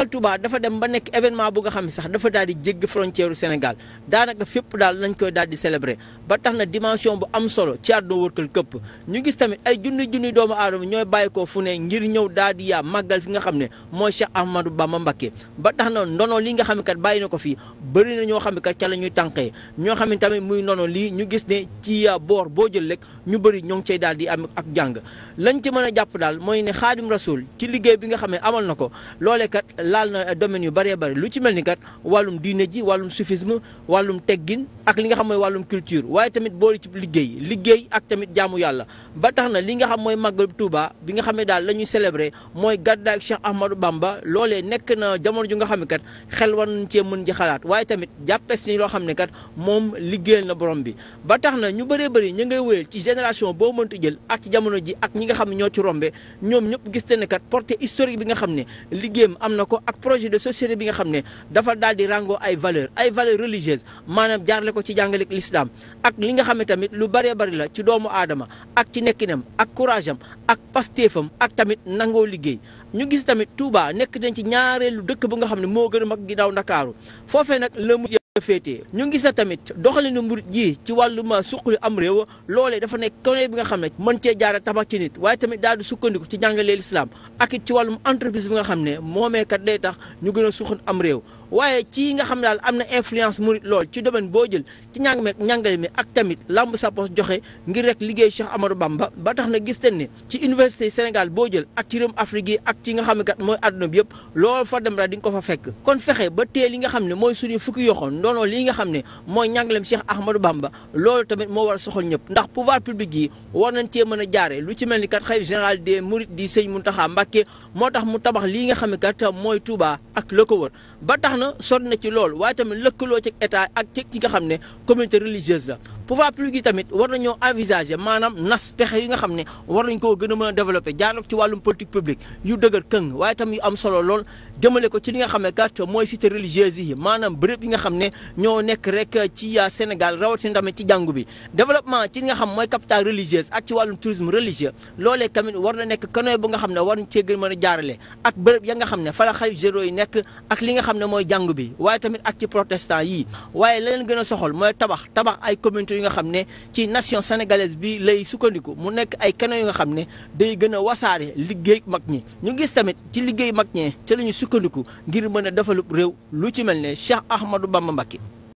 màggal Touba dafa dem ba nekk événement bu nga xam ne sax dafa daal di jégg frontière Sénégal daanaka fépp daal nañ koy daal di célébrer ba tax na dimension bu am solo ci àdduna wërkal këpp ñu gis tamit ay junni junni doomu aadama ñooy bàyyi ko fu ne ngir ñëw daal di yaa magal fi nga xam ne mooy Cheikh Ahmadou Bamba Mbacké ba tax na ndono li nga xam ne kat bàyyi na ko fii bëri na ñoo xam ne kat ca la ñuy tànqee ñoo xam ne tamit muy ndono lii ñu gis ne ci boor boo jël rek ñu bëri ñoo ngi daal di am ak jàng lañ ci mën a jàpp daal mooy ne xaadim rasul ci liggéey bi nga xam ne amal na ko loolee kat laal na domaine yu bëree bari lu ci mel ni kat wàllum diine ji wàllum soufisme wàllum teggin ak li nga xam mooy wàllum culture waaye tamit boole ci liggéey liggéey ak tamit jaamu yàlla ba tax na li nga xam mooy màggal Touba bi nga xam ne daal la ñuy célébrer mooy gàddaay ak Cheikh Ahmadou Bamba loolee nekk na jamono ju nga xam ne kat xel war nañ cee mën ji xalaat waaye tamit jàppes ni loo xam ne kat moom liggéeyal na borom bi ci génération boo mëntu jël xam ne ñoo ci rombe ñoom ñëpp gis ne kat portée historique bi nga xam ne ko projet de société bi nga xam ne dafa daal di ràngoo ay valeur ay valeur religieuse maanaam jaarle ko ci jàngaleeg l'islam ak li nga xam ne tamit lu bëree bëri la ci doomu aadama ak ci nekkinam ak courage am ak pasteefam ak tamit nangoo liggéey ñu gis tamit Touba nekk nañ ci ñaareelu dëkk bu nga xam ne moo gën a mag ginnaaw Ndakaaru foofee nag la mu a féetee ñu ngi sa tamit doxalinu murit ji ci wàllum suqali am réew loolee dafa nekk kone bi nga xam ne mën cee jaara tabax ci nit waaye tamit daal di sukkandiku ci jàngalee lislaam ak it ci wàllum entreprise bi nga xam ne moomeekat day tax ñu gën a suqal am réew waaye ci nga xam daal am na influence murit lool ci domaine boo jël ci ñàng meek ñàngale mi ak tamit lamb sapos joxe ngir rek liggéey Cheikh Amadou bam ba ba tax na gis ten ne ci université Sénégal boo jël ak ci réewum Afrique yi ak ci nga xam ne kat mooy àdduna bi yëpp loolu fa dem ra di nga ko fa fekk kon fexe ba tee li nga xam ne mooy suñu fukki yoxoon ndoonoo li nga xam ne mooy ñàngaleem Cheikh Ahmadou ba loolu tamit moo war a soxal ñëpp ndax pouvoir public yi war nañ cee mën a jaare lu ci mel ni kat xalifa général des mourides di sëñ Mountakha Mbacké moo tax mu tabax lii nga xam ne mooy Touba ak la ko wër na sonn na ci loolu waaye tamit lëkkaloo ci état ak ci ki nga xam ne communauté religieuse la pouvoir public yi tamit war nañoo envisager maanaam nas pexe yi nga xam ne war nañ koo gën a mën a développer jaar nag ci wàllum politique publique yu dëgër këng waaye tam yu am solo lool jëmale ko li nga xam ne kat mooy cité religieuse yi maanaam béréb yi nga xam ne ñoo nekk rek ci euh, Sénégal rawatina tamit ci jàngu bi développement ci li nga xam mooy capitale religieuse ak ci wàllum tourisme religieux loole tamit war na nekk kanoy bu nga xam ne war nañ cee gën mën a jaarale ak béréb ya nga xam ne fa la xalif yi nekk ak li nga xam ne mooy jàngu bi waaye tamit ak ci protestant yi waaye leneen gën a soxal mooy tabax tabax ay communauté yu nga xam ne ci nation sénégalaise bi lay sukkandiku mu nekk ay canaux yu nga xam ne day gën a wasaare liggéey mag ñi ñu gis tamit ci liggéey mag ñee ca la ñu sukkandiku ngir mën a defalub réew lu ci mel ne Cheikh Ahmadou Bamba Mbacké